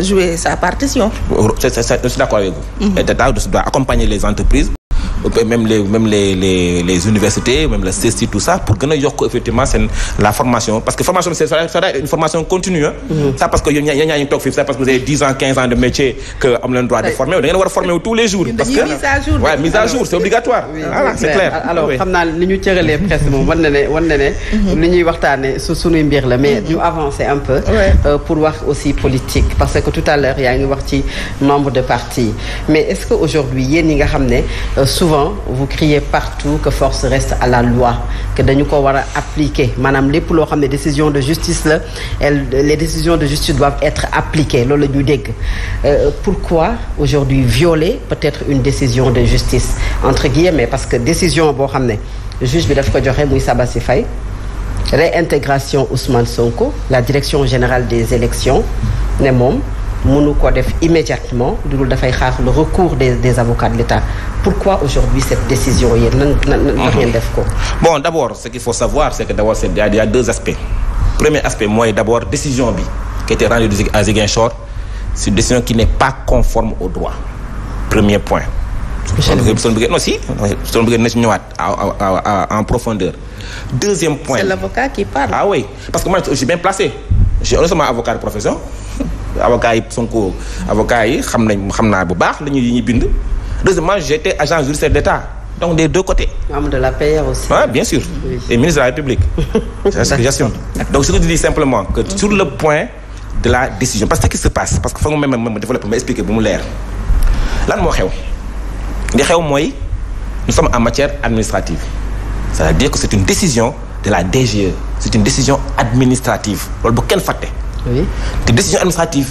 jouer sa partition. c'est d'accord avec vous. L'État mm-hmm. doit accompagner les entreprises. Euh, même les universités même la CESTI tout ça pour gën a yokk effectivement seen la formation parce que formation c'est une formation continue ah. parce que yéen ñaa ñaa ñu toog fii ça parce que vous dix ans quinze ans de métier que am leen droit de former da ngeen war former tous les jours. parce que mise à jour c'est obligatoire. c'est clair alors xam naa ni ñu cëralee presque moom wan ne ne. li mm-hmm. ñuy waxtaanee su suñuy mbir la mais mm-hmm. ñu avancer souvent vous criez partout que force reste à la loi que dañu ko war a appliquer maanaam lépp loo xam ne décision de justice la les décisions de justice doivent être appliquées loolu la ñuy dégg euh, pourquoi aujourd'hui violer peut-être une décision de justice entre guillemets parce que décision boo xam ne juge bi daf ko joxe muy Sabassi Faye réintégration Ousmane Sonko la direction générale des élections ne mënu ko def immédiatement dul dafay xaar le recours des des avocats de l'État pourquoi aujourd'hui cette décision yéen nan nan ndax ngeen def ko bon d'abord ce qu'il faut savoir c'est que d'abord c'est deux aspects premier aspect mooy d'abord décision bi qui a été rendue à Ziguinchor c'est une décision qui n'est pas conforme au droit premier point son bëggee non si son bëggee na si en profondeur deuxième point c'est l'avocat qui parle ah parce que moi je avocats yi Sonko avocats yi xam nañ xam naa bu baax la ñuy ñuy bind heureusement j'étais agent judiciaire d'État donc des deux côtés. de la PR aussi. ah bien sûr oui. et ministre de que j'assume sur le point de la décision parce que ce qui se passe parce que foog ma ma ma développer ma expliquer bu mu leer lan moo xew li xew mooy nous sommes en matière administrative c'est-à-dire que c'est une décision de la DGE c'est une décision administrative loolu bu kenn fàtte. oui te décision administrative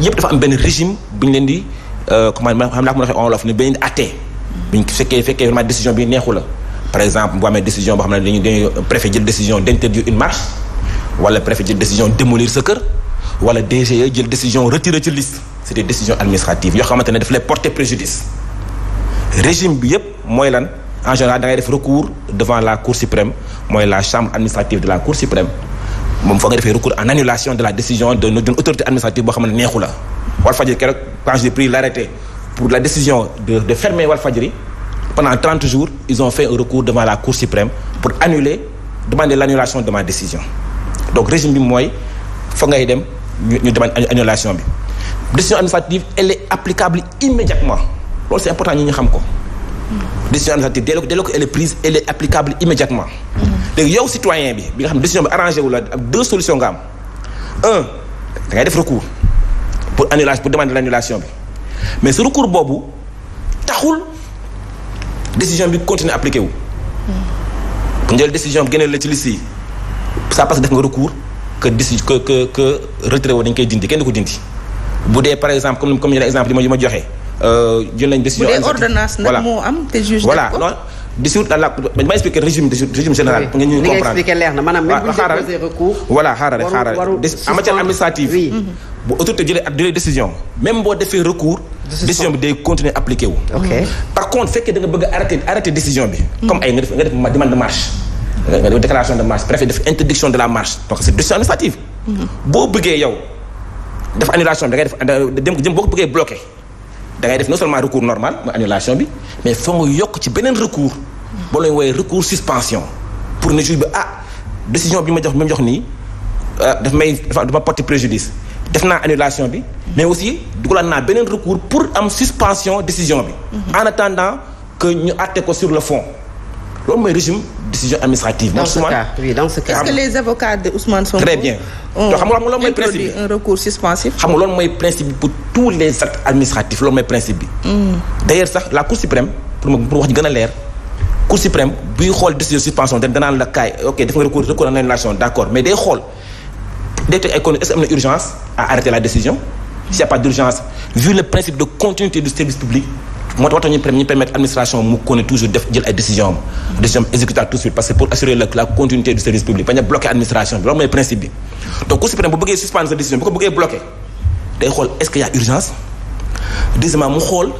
yëpp dafa am benn régime bu ñu leen di euh, comment ma xam naa ko mën a waxee en wolof ne benn di àtte. bu fekkee fekkee décision bi neexu la par exemple bu amee décision boo xam ne dañuy dañuy préfet jël décision d'interdire une marche wala préfet jël décision démolir sa kër wala DGE jël décision retirer ci liste c'est des décisions administratives yoo xamante ne daf lay porter préjudice régime bi yëpp mooy lan en général da ngay def recours la Cour mooy la chambre administrative de la Cour suprême. moom foog nga defee recours en annulation de la décision de d'une autorité administrative boo xam ne neexu la Walfadjri keroog quand j'ai pris l'arrêté pour la décision de de fermer Walfadjri pendant 30 jours ils ont fait un recours devant la cour suprême pour annuler demande l'annulation de ma décision donc régime bi mooy foog ngay dem ñu ñu demande annulation bi décision administrative elle est applicable immédiatement loolu c'est important ñu ñu xam ko décision administrative dès lors que elle est prise elle est applicable léegi yow citoyen bi bi nga xam décision bi arrangé la deux solutions nga am un da ngay def recours pour annulation pour demander l'annulation bi mais su recours boobu taxul décision bi continuer appliqué wu. bu hmm. jël décision bi génne la ci liste yi ça def nga recours que déci que que dañ koy dindi kenn ko dindi bu dee par exemple comme comme ñu la exemple yi ma joxe. Euh, jël nañ décision bu dee ordonnance nag moo am te juge voilà dissoute la dañ ma expliquer régime régime général. nga ñu comprendre li leer na maanaam même bu ñu déposé recours. décision. bi day continuer appliqué a arrêté arrêté décision mm. de marche. nga def déclaration de marche de décision administrative. Mm-hmm. boo bëggee yow def annulation bi da ngay def dem boo ko bëggee bloqué. da def non seulement recours normal mooy annulation bi mais foo yokk ci beneen recours. boo leen wooyee recours suspension. pour ne juge bi ah décision bi ma jox bi ma jox nii ah, daf may dafa dafa porter def naa annulation bi. mais aussi dugalaat naa beneen recours pour am suspension décision bi. Mhm. en attendant que ñu àtte ko sur le fond loolu mooy régime. décision administrative. dans ce cas oui dans ce est-ce que les avocats de Ousmane très bien donc loolu mooy principe bi un recours suspensif. xam loolu mooy principe bi pour hmm. sax la Cour suprême pour ma pour wax ji leer. Cour suprême buy xool décision suspension danaan la kaay def nga recours recours en d'accord mais day xool day teg ay est que am na urgence à arrêter la décision. s'il n'y a pas d'urgence vu le principe de continuité du moo tax ñu ñu permettre administration mu kon toujours def jël ay décision am décision am exécutable tout de suite parce que pour assurer la la continuité du service public bañ a bloquer administration bi loolu mooy principe bi donc Cour suprême bu bëggee suspendre sa décision bu ko bëggee bloquer day xool est-ce que y a urgence deuxièmement mu xool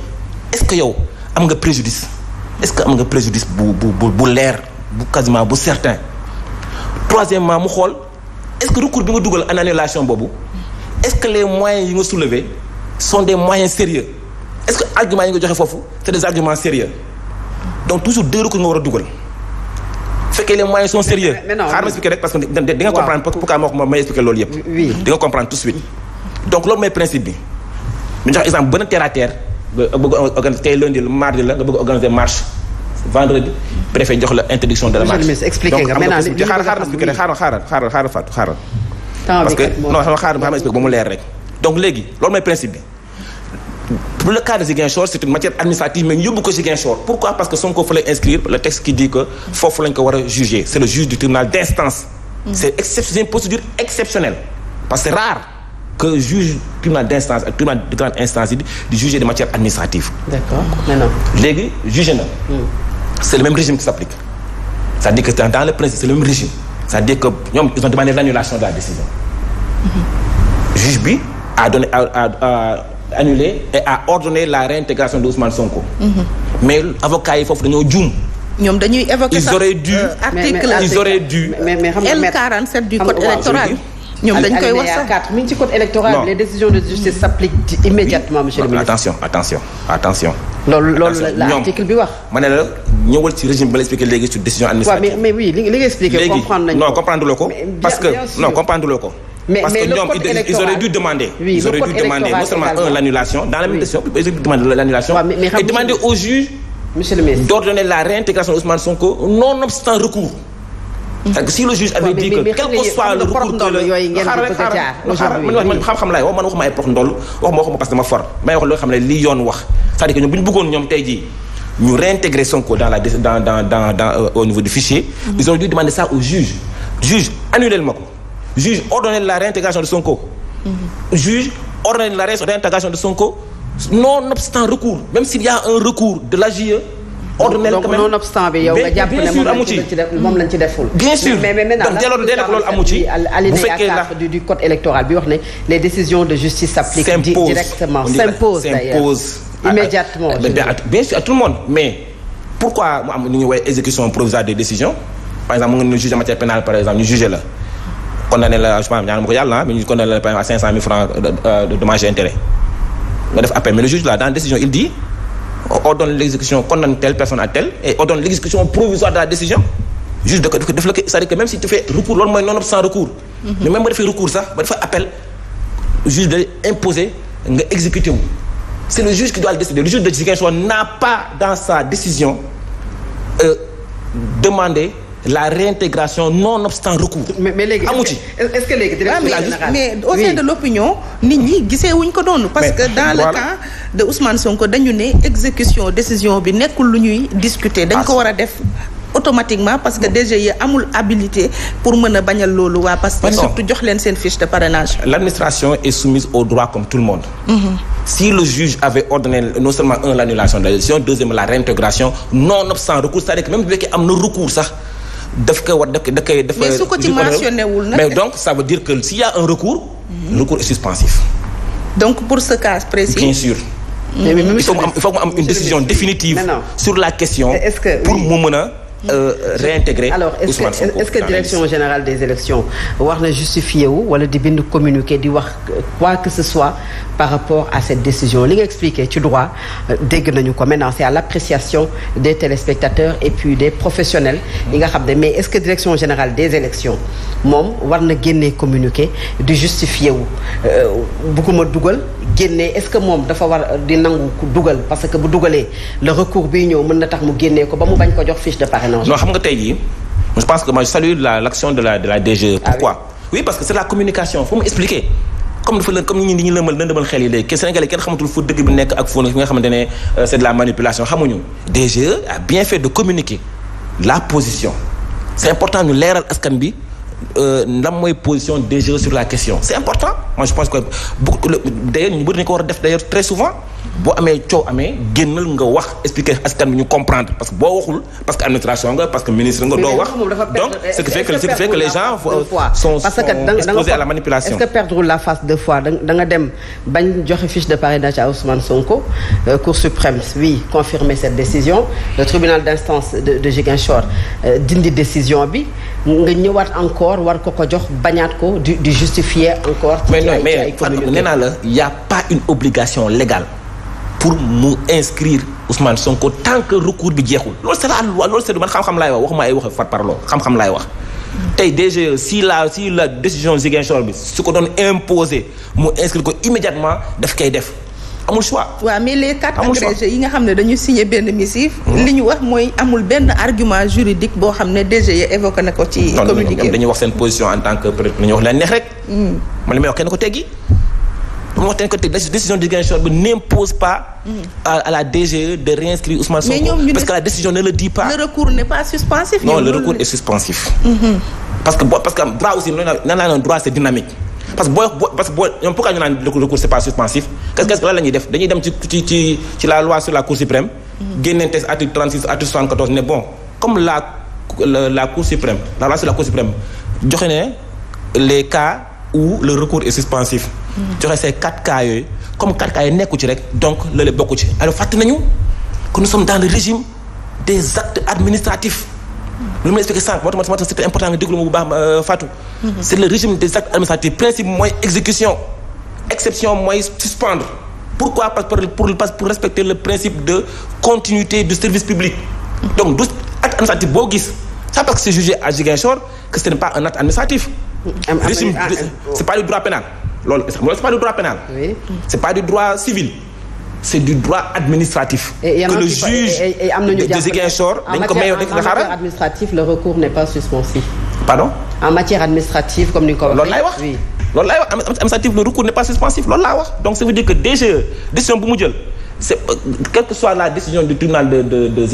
est-ce que yow am nga préjudice est-ce que am nga préjudice bu bu bu leer bu quasiment bu certain troisièmement mu xool est-ce que recours bi nga dugal en annulation boobu est-ce que les moyens yi nga soulever sont des moyens sérieux est-ce que argument yi nga joxe foofu c'est des arguments sérieux donc toujours deux recours nga war a dugal fekkee les moyens sont sérieux xaaral ma expliquer loolu yëpp di nga comprendre tout donc loolu mooy principe bi mu jox exemple benn terre à nga bëgg organiser tey lundi la mardi la nga bëgg organiser marche vendredi préfet jox la interdiction de la marche donc xaaral xaaral xaaral xaaral xaaral xaaral Fatou que non xaaral ba xam expliquer ba pour le cas de Ziguinchor c'est une matière administrative mais yóbbu ko Ziguinchor pourquoi parce que Sonko fa lay inscrire le texte qui dit que foofu lañ ko war a juger c'est le juge du tribunal d'instance mm-hmm. c'est une procédure exceptionnelle parce que rare que juge tribunal d'instance ak euh, tribunal de grande instance yi juger des matières administratives d'accord maintenant léegi mm. c'est le même régime qui s'applique cest dans le principe c'est annulé et a ordonné la réintégration de Ousmane Sonko. Mm-hmm. mais avocats yi foofu dañoo juum. ñoom dañuy évoquer sax euh, article ils du code électoral. ñoom dañ koy wax mi ci code électoral. les décisions de justice s'appliquent immédiatement monsieur le ministre. attention attention attention. la article bi wax. ma ñëwal ci régime ba la expliqué léegi sur décision administrative. waaw mais expliqué comprendre nañu ko comprendre loo ko. parce que non comprendre mais parce mais que ñoom ils auraient dû demander. l' annulation dans la même question ils auraient dû demander l' annulation. d' la réintégration Ousmane Sonko nonobstant recours. ñoom bu ñu bëggoon ñoom tey jii ñu réintégrer Sonko dans la dans dans dans euh, au niveau du fichier. Mm-hmm. ils ont demander ça au juge juge annulel ma ko. juge ordonné la réintégration de Sonko. Mhm. juge ordonné la recours même s'il y a un recours de l'AJE. ordonné quand même nonobstant bi yow def moom lañ ci deful. bien sûr mais mais donc jëloon dee nag loolu amu bu fekkee la du code électoral bi wax ne décisions de justice s'appliquent directement s'impose immédiatement bien sûr à tout le monde mais pourquoi mu am lu ñuy exécution provisoire des décisions par exemple mu ngi juge en matière pénale par exemple ñu juge la. condamné la je pense ñaan ma ko yàlla ah mais ñu la par exemple à cinq cent mille francs euh, de dommages et intérêts nga def appel mais le juge là dans la décision il dit ordonne l'exécution condamne telle personne à telle et ordonne l'exécution provisoire de la décision juge da ko def la c'est-à-dire que même si tu fais recours loolu mooy non sans recours mhm. mais même ba defee recours sax ba defee appel juge da imposer nga exécuté wu c'est le juge qui doit le décider le juge de Ziguinchor décision euh, la réintégration nonobstant recours. mais mais léegi amu ci est que léegi mais au sein de l' opinion nit ñi gisee wuñ ko doon. parce que dans le cas de Ousmane Sonko dañu ne exécution décision bi nekkul lu ñuy discuter. dañ ko ah. war a def. automatiquement parce que DGE amul habilité pour mën a bañal loolu waa parce que surtout jox leen seen fiche de parrainage. l'administration est soumise au droit comme tout le monde. Mm -hmm. si le juge avait ordonné non seulement un l'annulation de la décision deuxièmement la réintégration non obstant recours c'est-à-dire que daf ko war daf ko daf koy. daf mais su ko ci mentionné wul nag mais donc ça veut dire que s'il y a un recours. le mhm. recours est suspensif. donc pour ce cas précis. bien sûr. mais il faut mu am il faut mu am une décision définitive. sur la question. pour mu mën a. Euh, réintégrer alors est-ce que ce que direction générale des élections wax na justifié wu wala di bind communiqué di wax quoi que ce soit par rapport à cette décision li nga expliqué ci droit euh, dégg nañu ko maintenant c'est à l'appréciation des téléspectateurs et puis des professionnels yi nga xam ne mais est-ce que direction générale des élections moom war na génne communiqué di justifié wu euh, bugguma dugal génnee est-ce que moom dafa war di nangu dugal parce que bu dugalee le recours na tax mu génnee ko ba jox fiche de non xam nga tey jii je pense que moi je salue la l' action de la DGE. E. Ah pourquoi oui parce que c' la communication faut mu expliquer. comme dafa lë comme ñi ñu lëmbal yi kenn xamatul fu dëgg bi nekk ak fu nga xamante ne euh, c' de la manipulation xamuñu. DGE a bien fait de communiquer la position c' important ñu leeral askan bi euh, lan mooy position DGE sur la question c' important moi je pense que bu d' ñu bëri nañu ko war def d' très souvent. boo amee coow amee génnal nga wax expliquer askan bi ñu comprendre parce que boo waxul parce que administration nga parce que ministre nga doo wax donc ce qui fait que perdre la face deux fois da nga dem bañ joxe fiche de parrainage à Ousmane Sonko euh, Cour suprême oui confirmer cette décision le tribunal d'instance de de Ziguinchor euh, dindi décision bi nga ñëwaat encore war ko ko jox bañaat ko di di justifier encore. ci ay mais nee naa la y a pas une obligation légale. pour mu inscrire son Sonko tant que recours bi jeexul loolu c'est la loi man xam-xam laay wax waxuma ay wax fat parloo xam-xam laay wax. tey DGE si la si la décision Ziguinchor bi su ko doon imposer mu inscrire ko immédiatement daf koy def amul choix. waaw mais quatre agrégés yi nga xam ne dañu signé benn missive. Hmm. li ñu wax mooy amul benn argument juridique boo xam ne DGE évoqué na ko ci. communiqué dañuy wax seen position en tant que peut-être dañuy wax leen neex moo tax que la décision de Ziguinchor bi n'impose pas. à la DGE de réinscrire Ousmane Sonko. mais ñoom ñu parce que la décision ne le dit pas. le recours n'est pas suspensif. Mhm. parce que boo parce que droit aussi nan laa noon droit c'est dynamique. parce que boo parce que boo ñoom pourquoi ñu naan recours c'est pas suspensif. qu'est-ce que la ñuy def dañuy dem ci ci ci la loi sur la Cour suprême. Mhm. génne test article 36 article 74 ne bon comme joxe mmh. ces quatre cas comme quatre cas nekku ci rek donc lële bokku ci alors fàtte nañu que nous sommes dans le régime des actes administratifs mmh. lu ma expliqué sànq moo tax ma c'était important bu baax euh, Fatou mmh. c'est le régime des actes administratifs principe mooy exécution exception mooy suspendre pourquoi parce que pour respecter le principe de continuité du service public donc du acte administratif boo gis ça parce que c'est à Ziguinchor que ce n'est pas un acte administratif régime c'est loolu loolu c'est pas du droit pénal. oui c'est pas du droit civil. c'est du droit administratif. que le juge am nañu jàpp ne dañ ko mayoon dañ ko administratif le recours n'est pas suspensif. pardon. en matière administratif le recours n'est pas suspensif loolu laa wax donc ça veut dire que e, décision bu c'est euh, quelle que soit la décision du tribunal de de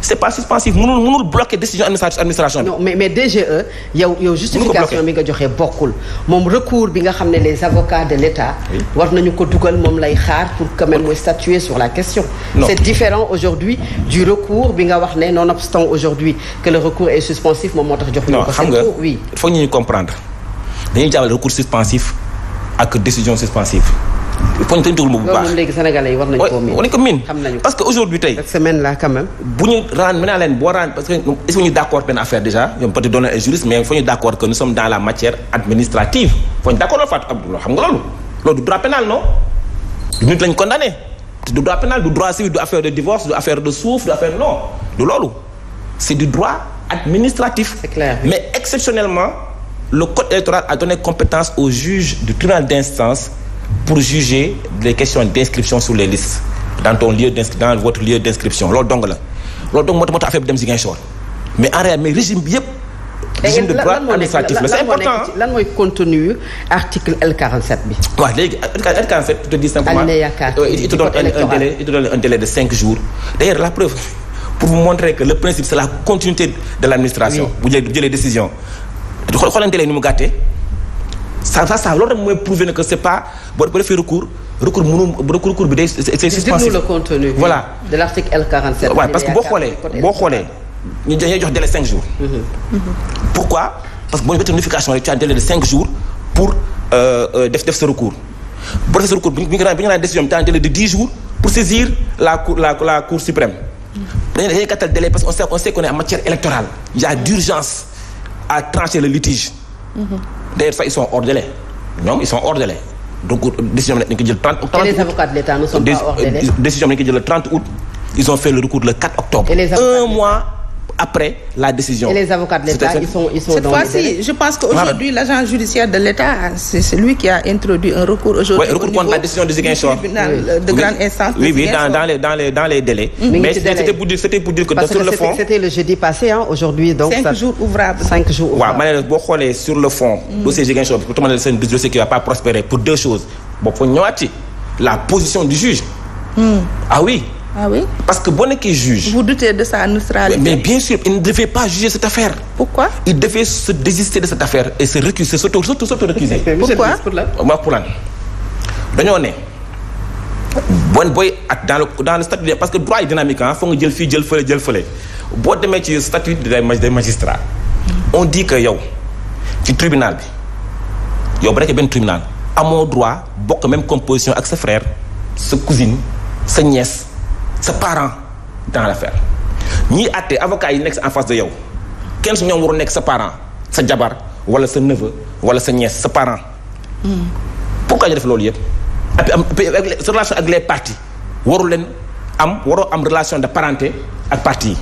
c'est pas suspensif mënul mënul bloquer décision administration bi. non mais mais DGE. yow yow justification bi nga joxe bokkul. moom recours bi nga xam ne les avocats de l'État. war nañu ko dugal moom lay xaar pour quand même mooy statuer sur la question. non c'est différent aujourd'hui du recours bi nga wax ne nonobstant aujourd'hui que le recours est suspensif moom moo tax joxuñu ko. xam nga oui foog ñu comprendre dañuy jàppale recours suspensif poñtañ tuul ma bu baax léegi sénégalais yi nañ koo miin war nañ ko miin parce que aujourd'hui tey cette semaine là quand même bu ñu nga loolu du droit pénal non du nit lañ condamné te du droit pénal du droit civil du affaire de divorce du affaire de suuf du affaire non du loolu c'est du droit administratif mais exceptionnellement le code électoral a donné compétence au juge du tribunal d'instance pour juger les questions d'inscription sur les listes dans ton lieu dans votre lieu d'inscription loolu dong la loolu dong moo tax moo tax affaire bi dem Ziguinchor mais en mais régime bi yëpp régime de droit la c'est important article l bi waaw léegi L47 te dis simplement euh, il te donne un délai il te donne un délai de cinq jours d'ailleurs la pour vous montrer que le principe c'est la continuité de l'administration bu jëlee décision xoolal délai ni ça ça ça loolu rek mooy prouver ne que c' est pas boo boo defee recours recours mënu recours bi day c' est suspensif. le contenu voilà de l' article L 47. waaw parce que boo xoolee boo xoolee ñu dañuy jox délai 5 jours. Mm-hmm. Mm-hmm. pourquoi parce que boo ñu jotee notification rek tu as délai de 5 jours pour euh, euh, def def sa recours. boo defee sa recours bi ñu ko daan bi ñu ko daan décision bi tu as délai de 10 jours pour saisir la cour la la cour suprême. Mm-hmm. dañuy dañuy gàttal délai parce que on sait on sait qu' on est en matière électorale. il y a d' urgence à trancher le litige. d'ailleurs sax ils sont hors délai ñoom ils sont hors délai donc décision bi dañ ko jël 30 30 et les avocats de l'État ne sont pas hors délai euh, décision bi dañ ko jël le 30 août ils ont fait le recours le 4 octobre un mois après la décision. Et les avocats de l'État, c'est celui qui a introduit un recours aujourd'hui. Oui, recours contre la décision du Ziguinchor. De grande instance. dans, les, délais. Mais c'était pour, dire que, Parce le jeudi passé, aujourd'hui. Cinq jours ouvrables. Cinq jours ouvrables. Ouais, sur le fond, mm. dossier Ziguinchor, c'est un dossier pas prospéré pour deux choses. Bon, pour la position du juge. Mm. Ah oui. Ah oui? Parce que boo qui juge. Vous doutez de sa neutralité? Mais bien sûr, il ne devait pas juger cette affaire. Pourquoi? Il devait se désister de cette affaire et se recuser, surtout s'auto-recuser. Pourquoi? Moi pour lan. dañoo ne bon booy at dans le dans le statut parce que droit yi dynamique ah foog nga jël fii jël fële jël boo demee ci statut des des magistrats on dit que yow ci tribunal bi yow ba rekk amoo droit bokk même composition ak sa frère sa cousine sa nièce. sa parent dans l'affaire ñiy àtte avocat yi nekk en face de yow kenn su ñoom waru nekk sa parent sa jabar wala sa neveu wala sa nièce sa parent. pourquoi ñu def loolu yëpp. après am sa relation ak les parties waru am waroo am relation de parenté ak parti yi.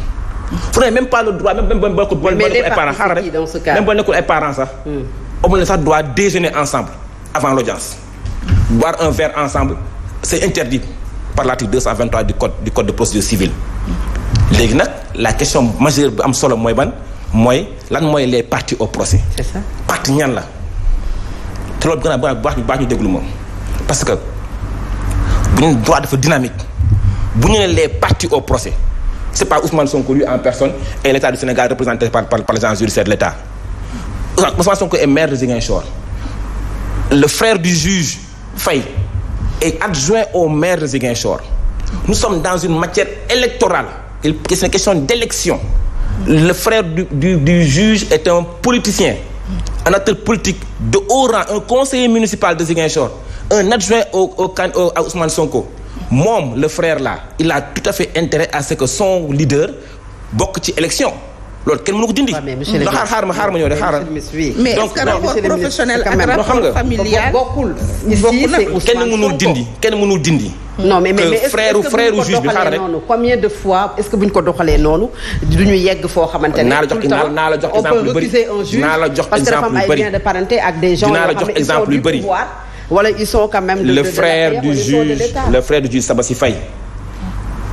fu ne même pas le droit même même boo nekkul. mais les parties xaaral même boo nekkul ay parents sax. Hmm. amul leen sax droit déjeuner ensemble avant l'audience boire un verre ensemble c'est interdit. par l'article 223 du code du code de procédure civile léegi nag la question majeure bi am solo mooy ban mooy lan mooy les parti au procès. c'est ça partie ñan la te loolu gën a baax ñu baax ñu déglu moom parce que bu ñu droit dafa dynamique bu ñu ne les parti au procès c'est pas Ousmane Sonko lui en personne et l'État du Sénégal représenté par par par les gens judiciaires de l'État Ousmane Sonko est maire de Ziguinchor le frère du juge Faye. est adjoint au maire de Ziguinchor nous sommes dans une matière électorale il c'est une question d'élection le frère du, du, du juge est un politicien un acteur politique de haut rang un conseiller municipal de Ziguinchor un adjoint au au, au Sonko moom le frère la il a tout à fait intérêt à ce que son leader bokk ci élection loolu kenn mënu ko dindi. waaw xaar xaar ma xaar ma ñëw de xaaral. mais est-ce que rapport professionnel ak rapport familial bokkul. kenn mënul dindi kenn mënul dindi. non mais mais frère frère juge bi xaaral ko doxalee noonu duñu yegg foo xamante naa la jox naa la jox exemple yu bëri naa la jox exemple yu bëri dinaa la jox exemple yu wala ils sont quand le frère du juge le frère du juge Sabassi Faye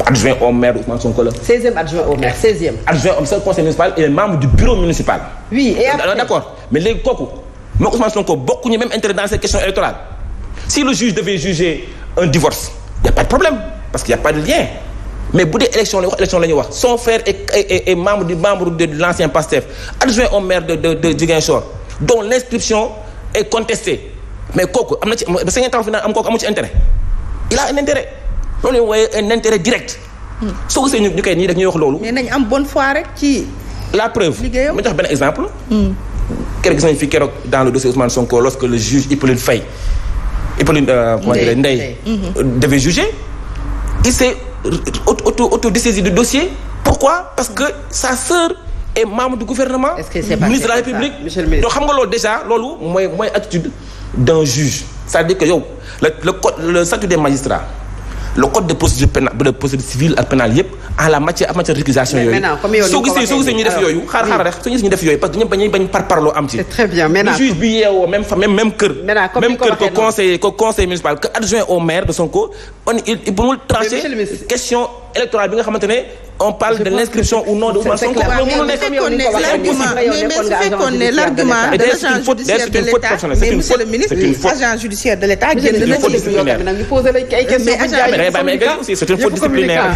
adjoint au maire Ousmane Sonko la. 16e adjoint au maire e adjoint au conseil municipal et membre du bureau municipal. oui euh, d'accord mais léegi kooku moom Ousmane Sonko bokkuñu même intérêt dans ces questions électorales si le juge devait juger un divorce y a pas de problème parce qu'il y a pas de lien mais bu dee élection la wax élection la ñuy wax son frère est membre de l'ancien PASTEF adjoint au maire de de de Ziguinchor dont l'inscription est contestée mais am na ci a un intérêt. loolu waaye un intérêt direct. Hmm. soo gisee ñu ñu nii rek ñuy wax loolu. mais nañ am bon fois rek ci. la preuve ma jox benn exemple. Hmm. keroog gis fi keroog dans le dossier Ousmane Sonko lorsque le juge Hippolyte Faye Hippolyte euh, comment dire Ndeye hmm. devait juger il s'est auto autodésaisi du dossier pourquoi parce que sa sœur est membre du gouvernement ministre de la République donc xam nga loolu déjà loolu mooy mooy attitude d'un juge c'est-à-dire que yow le le code le statut des le code de procédure pénale de procédure civile ak pénale yépp en la matière en matière de récusation yooyu soo gisee soo gisee def yooyu xaar xaar rek soo gisee def yooyu parce que dañu bañ par parloo am ci très bien maintenant juge fa même même kër même kër que conseiller que conseil municipal que adjoint au maire de Sonko on il pour mu trancher question électoral bi nga xamante ne on parle de l'inscription ou non de Ousmane Sonko mais l'argument de l'agent judiciaire de l'État mais monsieur le ministre agent judiciaire de l'État mais agent c'est une faute disciplinaire